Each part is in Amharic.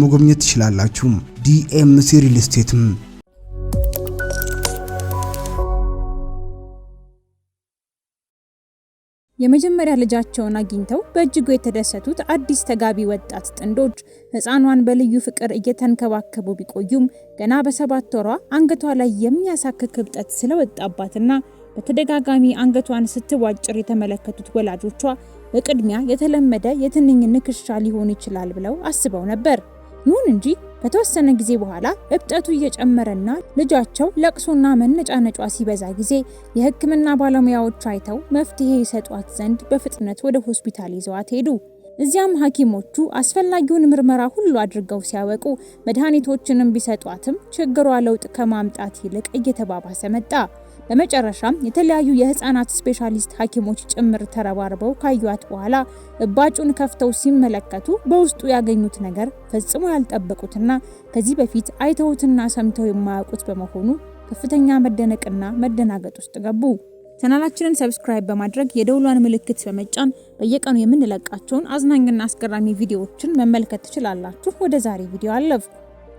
በቀላል መጎብኘት ትችላላችሁ። ዲኤምሲ ሪል ስቴትም የመጀመሪያ ልጃቸውን አግኝተው በእጅጉ የተደሰቱት አዲስ ተጋቢ ወጣት ጥንዶች ሕፃኗን በልዩ ፍቅር እየተንከባከቡ ቢቆዩም ገና በሰባት ወሯ አንገቷ ላይ የሚያሳክክ እብጠት ስለወጣባትና በተደጋጋሚ አንገቷን ስትቧጭር የተመለከቱት ወላጆቿ በቅድሚያ የተለመደ የትንኝ ንክሻ ሊሆን ይችላል ብለው አስበው ነበር። ይሁን እንጂ ከተወሰነ ጊዜ በኋላ እብጠቱ እየጨመረና ልጃቸው ለቅሶና መነጫነጯ ሲበዛ ጊዜ የሕክምና ባለሙያዎች አይተው መፍትሄ ይሰጧት ዘንድ በፍጥነት ወደ ሆስፒታል ይዘዋት ሄዱ። እዚያም ሐኪሞቹ አስፈላጊውን ምርመራ ሁሉ አድርገው ሲያበቁ መድኃኒቶችንም ቢሰጧትም ችግሯ ለውጥ ከማምጣት ይልቅ እየተባባሰ መጣ። በመጨረሻም የተለያዩ የህፃናት ስፔሻሊስት ሐኪሞች ጭምር ተረባርበው ካዩት በኋላ እባጩን ከፍተው ሲመለከቱ በውስጡ ያገኙት ነገር ፈጽሞ ያልጠበቁትና ከዚህ በፊት አይተውትና ሰምተው የማያውቁት በመሆኑ ከፍተኛ መደነቅና መደናገጥ ውስጥ ገቡ። ቻናላችንን ሰብስክራይብ በማድረግ የደውሏን ምልክት በመጫን በየቀኑ የምንለቃቸውን አዝናኝና አስገራሚ ቪዲዮዎችን መመልከት ትችላላችሁ። ወደ ዛሬ ቪዲዮ አለፍኩ።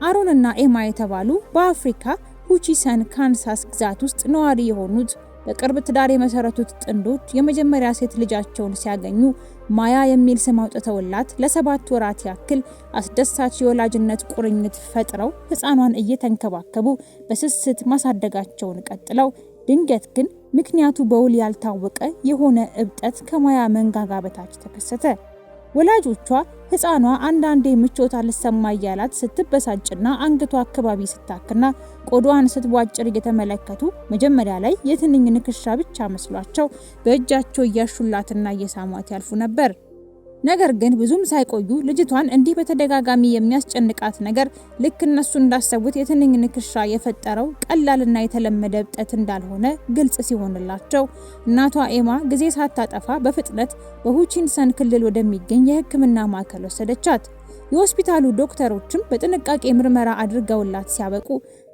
አሮን እና ኤማ የተባሉ በአፍሪካ ሁቺሰን ካንሳስ ግዛት ውስጥ ነዋሪ የሆኑት በቅርብ ትዳር የመሰረቱት ጥንዶች የመጀመሪያ ሴት ልጃቸውን ሲያገኙ ማያ የሚል ስም አውጥተውላት ለሰባት ወራት ያክል አስደሳች የወላጅነት ቁርኝት ፈጥረው ህፃኗን እየተንከባከቡ በስስት ማሳደጋቸውን ቀጥለው ድንገት ግን ምክንያቱ በውል ያልታወቀ የሆነ እብጠት ከማያ መንጋጋ በታች ተከሰተ። ወላጆቿ ህፃኗ አንዳንዴ ምቾት አልሰማ እያላት ስትበሳጭና አንገቷ አካባቢ ስታክና ቆዳዋን ስትቧጭር እየተመለከቱ መጀመሪያ ላይ የትንኝ ንክሻ ብቻ መስሏቸው በእጃቸው እያሹላትና እየሳሟት ያልፉ ነበር። ነገር ግን ብዙም ሳይቆዩ ልጅቷን እንዲህ በተደጋጋሚ የሚያስጨንቃት ነገር ልክ እነሱ እንዳሰቡት የትንኝ ንክሻ የፈጠረው ቀላልና የተለመደ እብጠት እንዳልሆነ ግልጽ ሲሆንላቸው እናቷ ኤማ ጊዜ ሳታጠፋ በፍጥነት በሁቺንሰን ክልል ወደሚገኝ የሕክምና ማዕከል ወሰደቻት። የሆስፒታሉ ዶክተሮችም በጥንቃቄ ምርመራ አድርገውላት ሲያበቁ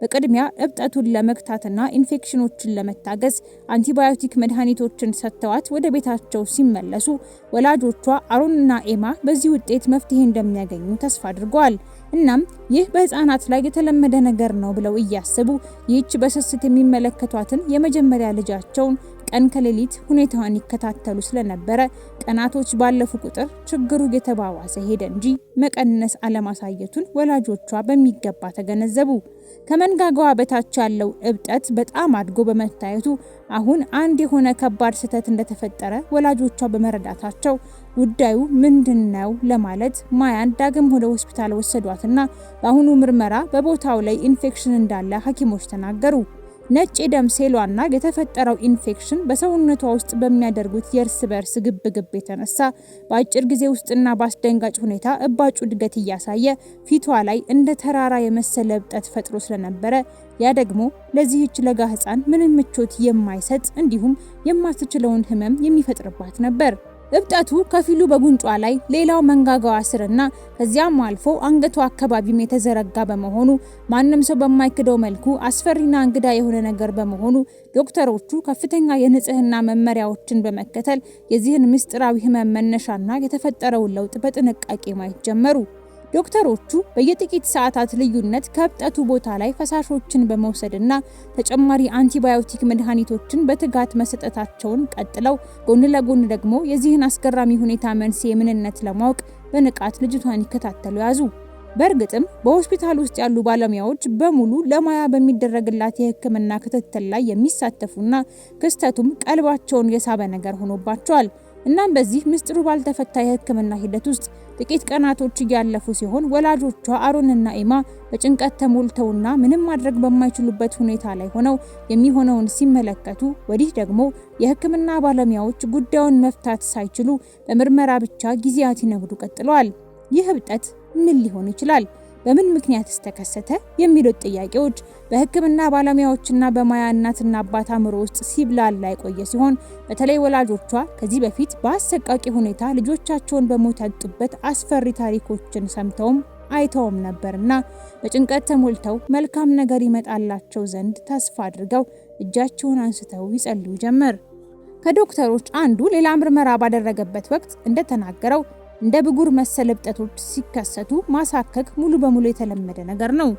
በቅድሚያ እብጠቱን ለመግታትና ኢንፌክሽኖችን ለመታገዝ አንቲባዮቲክ መድኃኒቶችን ሰጥተዋት ወደ ቤታቸው ሲመለሱ ወላጆቿ አሮንና ኤማ በዚህ ውጤት መፍትሄ እንደሚያገኙ ተስፋ አድርገዋል። እናም ይህ በህፃናት ላይ የተለመደ ነገር ነው ብለው እያስቡ ይህች በስስት የሚመለከቷትን የመጀመሪያ ልጃቸውን ቀን ከሌሊት ሁኔታዋን ይከታተሉ ስለነበረ ቀናቶች ባለፉ ቁጥር ችግሩ እየተባባሰ ሄደ እንጂ መቀነስ አለማሳየቱን ወላጆቿ በሚገባ ተገነዘቡ። ከመንጋጋዋ በታች ያለው እብጠት በጣም አድጎ በመታየቱ አሁን አንድ የሆነ ከባድ ስህተት እንደተፈጠረ ወላጆቿ በመረዳታቸው ጉዳዩ ነው ለማለት ማያን ዳግም ወደ ሆስፒታል ወሰዷትና በአሁኑ ምርመራ በቦታው ላይ ኢንፌክሽን እንዳለ ሐኪሞች ተናገሩ። ነጭ የደም ሴሏና የተፈጠረው ኢንፌክሽን በሰውነቷ ውስጥ በሚያደርጉት የእርስ በርስ ግብግብ የተነሳ በአጭር ጊዜ ውስጥና በአስደንጋጭ ሁኔታ እባጩ እድገት እያሳየ ፊቷ ላይ እንደ ተራራ የመሰለ እብጠት ፈጥሮ ስለነበረ ያ ደግሞ ለዚህች ለጋ ህፃን ምንም ምቾት የማይሰጥ እንዲሁም የማትችለውን ህመም የሚፈጥርባት ነበር። እብጠቱ ከፊሉ በጉንጯ ላይ ሌላው መንጋጋዋ ስርና ከዚያም አልፎ አንገቷ አካባቢም የተዘረጋ በመሆኑ ማንም ሰው በማይክደው መልኩ አስፈሪና እንግዳ የሆነ ነገር በመሆኑ ዶክተሮቹ ከፍተኛ የንጽህና መመሪያዎችን በመከተል የዚህን ምስጢራዊ ህመም መነሻና የተፈጠረውን ለውጥ በጥንቃቄ ማየት ጀመሩ። ዶክተሮቹ በየጥቂት ሰዓታት ልዩነት ከእብጠቱ ቦታ ላይ ፈሳሾችን በመውሰድና ተጨማሪ አንቲባዮቲክ መድኃኒቶችን በትጋት መሰጠታቸውን ቀጥለው ጎን ለጎን ደግሞ የዚህን አስገራሚ ሁኔታ መንስኤ ምንነት ለማወቅ በንቃት ልጅቷን ይከታተሉ ያዙ። በእርግጥም በሆስፒታል ውስጥ ያሉ ባለሙያዎች በሙሉ ለማያ በሚደረግላት የሕክምና ክትትል ላይ የሚሳተፉና ክስተቱም ቀልባቸውን የሳበ ነገር ሆኖባቸዋል። እናም በዚህ ምስጢሩ ባልተፈታ የህክምና ሂደት ውስጥ ጥቂት ቀናቶች እያለፉ ሲሆን ወላጆቿ አሮንና ኤማ በጭንቀት ተሞልተውና ምንም ማድረግ በማይችሉበት ሁኔታ ላይ ሆነው የሚሆነውን ሲመለከቱ፣ ወዲህ ደግሞ የህክምና ባለሙያዎች ጉዳዩን መፍታት ሳይችሉ በምርመራ ብቻ ጊዜያት ይነግዱ ቀጥለዋል። ይህ ህብጠት ምን ሊሆን ይችላል? በምን ምክንያት እስተከሰተ የሚሉት ጥያቄዎች በህክምና ባለሙያዎችና በማያ እናትና አባት አእምሮ ውስጥ ሲብላላ የቆየ ሲሆን በተለይ ወላጆቿ ከዚህ በፊት በአሰቃቂ ሁኔታ ልጆቻቸውን በሞት ያጡበት አስፈሪ ታሪኮችን ሰምተውም አይተውም ነበርና በጭንቀት ተሞልተው መልካም ነገር ይመጣላቸው ዘንድ ተስፋ አድርገው እጃቸውን አንስተው ይጸልዩ ጀመር። ከዶክተሮች አንዱ ሌላ ምርመራ ባደረገበት ወቅት እንደተናገረው እንደ ብጉር መሰል እብጠቶች ሲከሰቱ ማሳከክ ሙሉ በሙሉ የተለመደ ነገር ነው።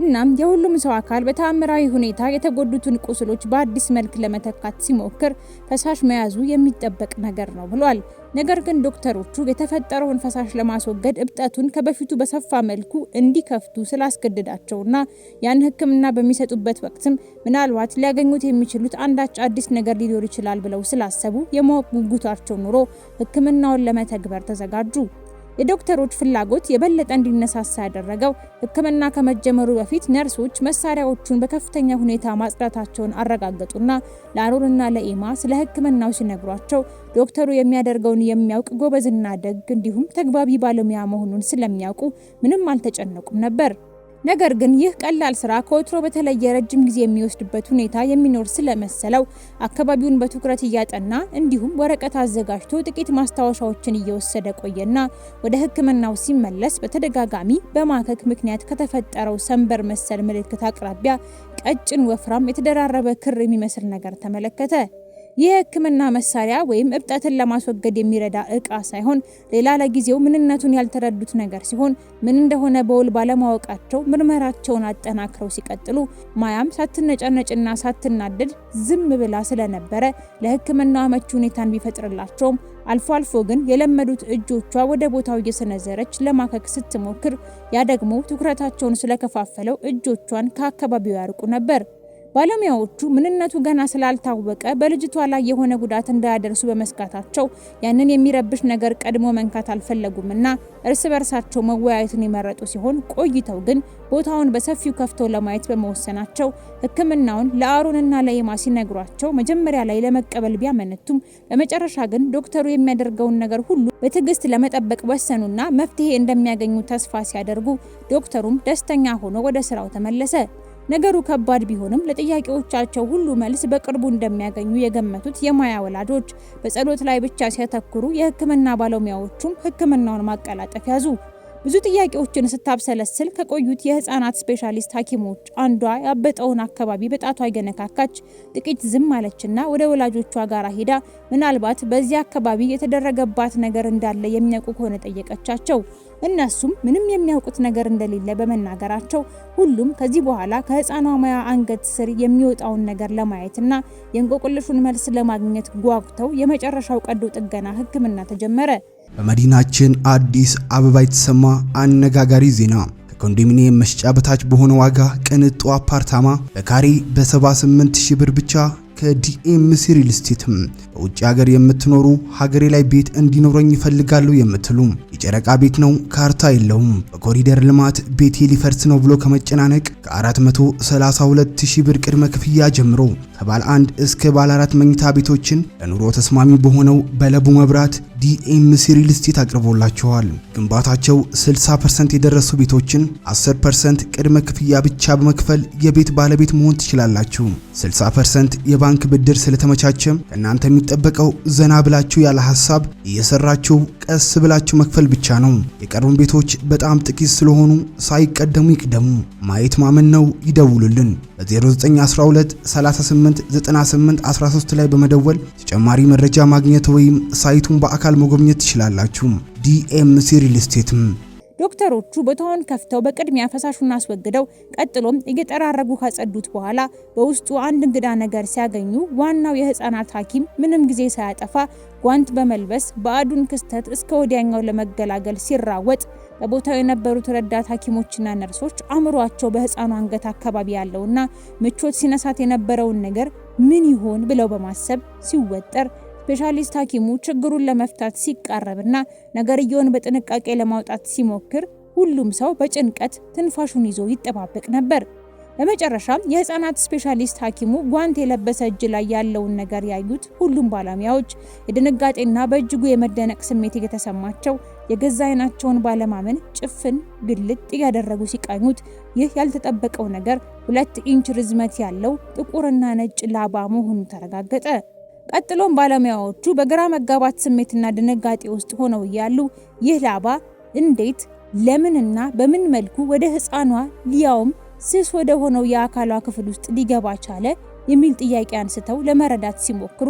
እናም የሁሉም ሰው አካል በተአምራዊ ሁኔታ የተጎዱትን ቁስሎች በአዲስ መልክ ለመተካት ሲሞክር ፈሳሽ መያዙ የሚጠበቅ ነገር ነው ብሏል። ነገር ግን ዶክተሮቹ የተፈጠረውን ፈሳሽ ለማስወገድ እብጠቱን ከበፊቱ በሰፋ መልኩ እንዲከፍቱ ስላስገደዳቸውና ያን ሕክምና በሚሰጡበት ወቅትም ምናልባት ሊያገኙት የሚችሉት አንዳች አዲስ ነገር ሊኖር ይችላል ብለው ስላሰቡ የማወቅ ጉጉታቸው ኑሮ ሕክምናውን ለመተግበር ተዘጋጁ። የዶክተሮች ፍላጎት የበለጠ እንዲነሳሳ ያደረገው ሕክምና ከመጀመሩ በፊት ነርሶች መሳሪያዎቹን በከፍተኛ ሁኔታ ማጽዳታቸውን አረጋገጡና ለአሮንና ለኤማ ስለ ሕክምናው ሲነግሯቸው ዶክተሩ የሚያደርገውን የሚያውቅ ጎበዝና ደግ እንዲሁም ተግባቢ ባለሙያ መሆኑን ስለሚያውቁ ምንም አልተጨነቁም ነበር። ነገር ግን ይህ ቀላል ስራ ከወትሮ በተለየ ረጅም ጊዜ የሚወስድበት ሁኔታ የሚኖር ስለመሰለው አካባቢውን በትኩረት እያጠና እንዲሁም ወረቀት አዘጋጅቶ ጥቂት ማስታወሻዎችን እየወሰደ ቆየና ወደ ሕክምናው ሲመለስ በተደጋጋሚ በማከክ ምክንያት ከተፈጠረው ሰንበር መሰል ምልክት አቅራቢያ ቀጭን ወፍራም የተደራረበ ክር የሚመስል ነገር ተመለከተ። የህክምና መሳሪያ ወይም እብጠትን ለማስወገድ የሚረዳ እቃ ሳይሆን ሌላ ለጊዜው ምንነቱን ያልተረዱት ነገር ሲሆን ምን እንደሆነ በውል ባለማወቃቸው ምርመራቸውን አጠናክረው ሲቀጥሉ ማያም ሳትነጨነጭና ሳትናደድ ዝም ብላ ስለነበረ ለህክምና አመቺ ሁኔታን ቢፈጥርላቸውም አልፎ አልፎ ግን የለመዱት እጆቿ ወደ ቦታው እየሰነዘረች ለማከክ ስትሞክር ያ ደግሞ ትኩረታቸውን ስለከፋፈለው እጆቿን ከአካባቢው ያርቁ ነበር። ባለሙያዎቹ ምንነቱ ገና ስላልታወቀ በልጅቷ ላይ የሆነ ጉዳት እንዳያደርሱ በመስጋታቸው ያንን የሚረብሽ ነገር ቀድሞ መንካት አልፈለጉምና እርስ በርሳቸው መወያየትን የመረጡ ሲሆን ቆይተው ግን ቦታውን በሰፊው ከፍተው ለማየት በመወሰናቸው ሕክምናውን ለአሮንና ለየማ ሲነግሯቸው መጀመሪያ ላይ ለመቀበል ቢያመነቱም በመጨረሻ ግን ዶክተሩ የሚያደርገውን ነገር ሁሉ በትዕግስት ለመጠበቅ ወሰኑና መፍትሄ እንደሚያገኙ ተስፋ ሲያደርጉ ዶክተሩም ደስተኛ ሆኖ ወደ ስራው ተመለሰ። ነገሩ ከባድ ቢሆንም ለጥያቄዎቻቸው ሁሉ መልስ በቅርቡ እንደሚያገኙ የገመቱት የማያ ወላጆች በጸሎት ላይ ብቻ ሲያተኩሩ፣ የህክምና ባለሙያዎቹም ህክምናውን ማቀላጠፍ ያዙ። ብዙ ጥያቄዎችን ስታብሰለስል ከቆዩት የህፃናት ስፔሻሊስት ሐኪሞች አንዷ ያበጠውን አካባቢ በጣቷ የነካካች ጥቂት ዝም አለችና ወደ ወላጆቿ ጋር ሄዳ ምናልባት በዚያ አካባቢ የተደረገባት ነገር እንዳለ የሚያውቁ ከሆነ ጠየቀቻቸው። እነሱም ምንም የሚያውቁት ነገር እንደሌለ በመናገራቸው ሁሉም ከዚህ በኋላ ከህፃኗ ማያ አንገት ስር የሚወጣውን ነገር ለማየትና የእንቆቅልሹን መልስ ለማግኘት ጓጉተው የመጨረሻው ቀዶ ጥገና ህክምና ተጀመረ። በመዲናችን አዲስ አበባ የተሰማ አነጋጋሪ ዜና ከኮንዶሚኒየም መስጫ በታች በሆነ ዋጋ ቅንጡ አፓርታማ በካሬ በ78 ሺህ ብር ብቻ ከዲኤምሲ ሪል ስቴትም በውጭ ሀገር የምትኖሩ ሀገሬ ላይ ቤት እንዲኖረኝ ይፈልጋለሁ የምትሉ የጨረቃ ቤት ነው፣ ካርታ የለውም፣ በኮሪደር ልማት ቤቴ ሊፈርስ ነው ብሎ ከመጨናነቅ ከ432000 ብር ቅድመ ክፍያ ጀምሮ ከባለ አንድ እስከ ባለ አራት መኝታ ቤቶችን ለኑሮ ተስማሚ በሆነው በለቡ መብራት ዲኤምሲ ሪል ስቴት አቅርቦላቸዋል። ግንባታቸው 60% የደረሱ ቤቶችን 10% ቅድመ ክፍያ ብቻ በመክፈል የቤት ባለቤት መሆን ትችላላችሁ። 60% የባንክ ብድር ስለተመቻቸም ከእናንተ የሚጠበቀው ዘና ብላችሁ ያለ ሀሳብ እየሰራችሁ ቀስ ብላችሁ መክፈል ብቻ ነው። የቀሩን ቤቶች በጣም ጥቂት ስለሆኑ ሳይቀደሙ ይቅደሙ። ማየት ማመን ነው። ይደውሉልን በ በ0912389813 13 ላይ በመደወል ተጨማሪ መረጃ ማግኘት ወይም ሳይቱን በአካል መጎብኘት ትችላላችሁ። ዲኤምሲ ሪል ስቴትም ዶክተሮቹ ቦታውን ከፍተው በቅድሚያ ፈሳሹን አስወግደው ቀጥሎም እየጠራረጉ ካጸዱት በኋላ በውስጡ አንድ እንግዳ ነገር ሲያገኙ ዋናው የህፃናት ሐኪም ምንም ጊዜ ሳያጠፋ ጓንት በመልበስ በአዱን ክስተት እስከ ወዲያኛው ለመገላገል ሲራወጥ በቦታው የነበሩት ረዳት ሐኪሞችና ነርሶች አእምሯቸው በህፃኑ አንገት አካባቢ ያለውና ምቾት ሲነሳት የነበረውን ነገር ምን ይሆን ብለው በማሰብ ሲወጠር ስፔሻሊስት ሐኪሙ ችግሩን ለመፍታት ሲቃረብና ነገርየውን በጥንቃቄ ለማውጣት ሲሞክር ሁሉም ሰው በጭንቀት ትንፋሹን ይዞ ይጠባበቅ ነበር። በመጨረሻም የህፃናት ስፔሻሊስት ሐኪሙ ጓንት የለበሰ እጅ ላይ ያለውን ነገር ያዩት ሁሉም ባለሙያዎች የድንጋጤና በእጅጉ የመደነቅ ስሜት እየተሰማቸው የገዛ አይናቸውን ባለማመን ጭፍን ግልጥ እያደረጉ ሲቃኙት ይህ ያልተጠበቀው ነገር ሁለት ኢንች ርዝመት ያለው ጥቁርና ነጭ ላባ መሆኑ ተረጋገጠ። ቀጥሎም ባለሙያዎቹ በግራ መጋባት ስሜትና ድንጋጤ ውስጥ ሆነው እያሉ ይህ ላባ እንዴት ለምንና በምን መልኩ ወደ ህፃኗ ሊያውም ስስ ወደ ሆነው የአካሏ ክፍል ውስጥ ሊገባ ቻለ የሚል ጥያቄ አንስተው ለመረዳት ሲሞክሩ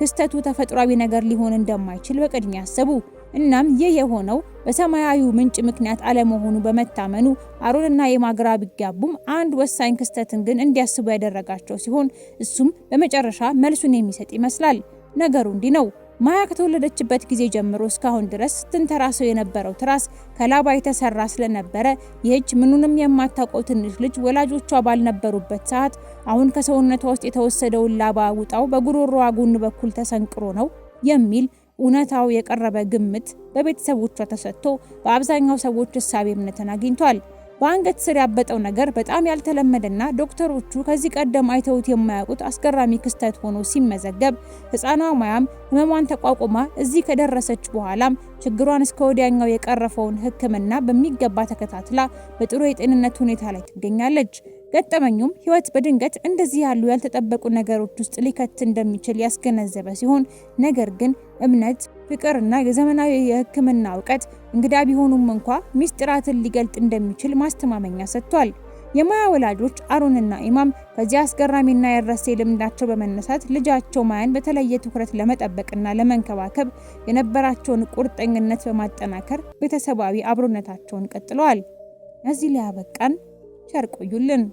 ክስተቱ ተፈጥሯዊ ነገር ሊሆን እንደማይችል በቅድሚያ አሰቡ። እናም ይህ የሆነው በሰማያዊ ምንጭ ምክንያት አለመሆኑ በመታመኑ አሮንና የማግራ ቢጋቡም አንድ ወሳኝ ክስተትን ግን እንዲያስቡ ያደረጋቸው ሲሆን እሱም በመጨረሻ መልሱን የሚሰጥ ይመስላል። ነገሩ እንዲህ ነው። ማያ ከተወለደችበት ጊዜ ጀምሮ እስካሁን ድረስ ስትንተራሰው የነበረው ትራስ ከላባ የተሰራ ስለነበረ ይህች ምኑንም የማታውቀው ትንሽ ልጅ ወላጆቿ ባልነበሩበት ሰዓት አሁን ከሰውነቷ ውስጥ የተወሰደውን ላባ ውጣው በጉሮሮዋ ጎን በኩል ተሰንቅሮ ነው የሚል እውነታው የቀረበ ግምት በቤተሰቦቿ ተሰጥቶ በአብዛኛው ሰዎች እሳቤ እምነትን አግኝቷል። በአንገት ስር ያበጠው ነገር በጣም ያልተለመደና ዶክተሮቹ ከዚህ ቀደም አይተውት የማያውቁት አስገራሚ ክስተት ሆኖ ሲመዘገብ ሕፃኗ ማያም ህመሟን ተቋቁማ እዚህ ከደረሰች በኋላም ችግሯን እስከ ወዲያኛው የቀረፈውን ህክምና በሚገባ ተከታትላ በጥሩ የጤንነት ሁኔታ ላይ ትገኛለች። ገጠመኙም ህይወት በድንገት እንደዚህ ያሉ ያልተጠበቁ ነገሮች ውስጥ ሊከት እንደሚችል ያስገነዘበ ሲሆን ነገር ግን እምነት፣ ፍቅርና የዘመናዊ የህክምና እውቀት እንግዳ ቢሆኑም እንኳ ሚስጥራትን ሊገልጥ እንደሚችል ማስተማመኛ ሰጥቷል። የማያ ወላጆች አሮንና ኢማም ከዚህ አስገራሚና የረሴ ልምዳቸው በመነሳት ልጃቸው ማያን በተለየ ትኩረት ለመጠበቅና ለመንከባከብ የነበራቸውን ቁርጠኝነት በማጠናከር ቤተሰባዊ አብሮነታቸውን ቀጥለዋል። እዚህ ላይ አበቃን ቸር ቆዩልን።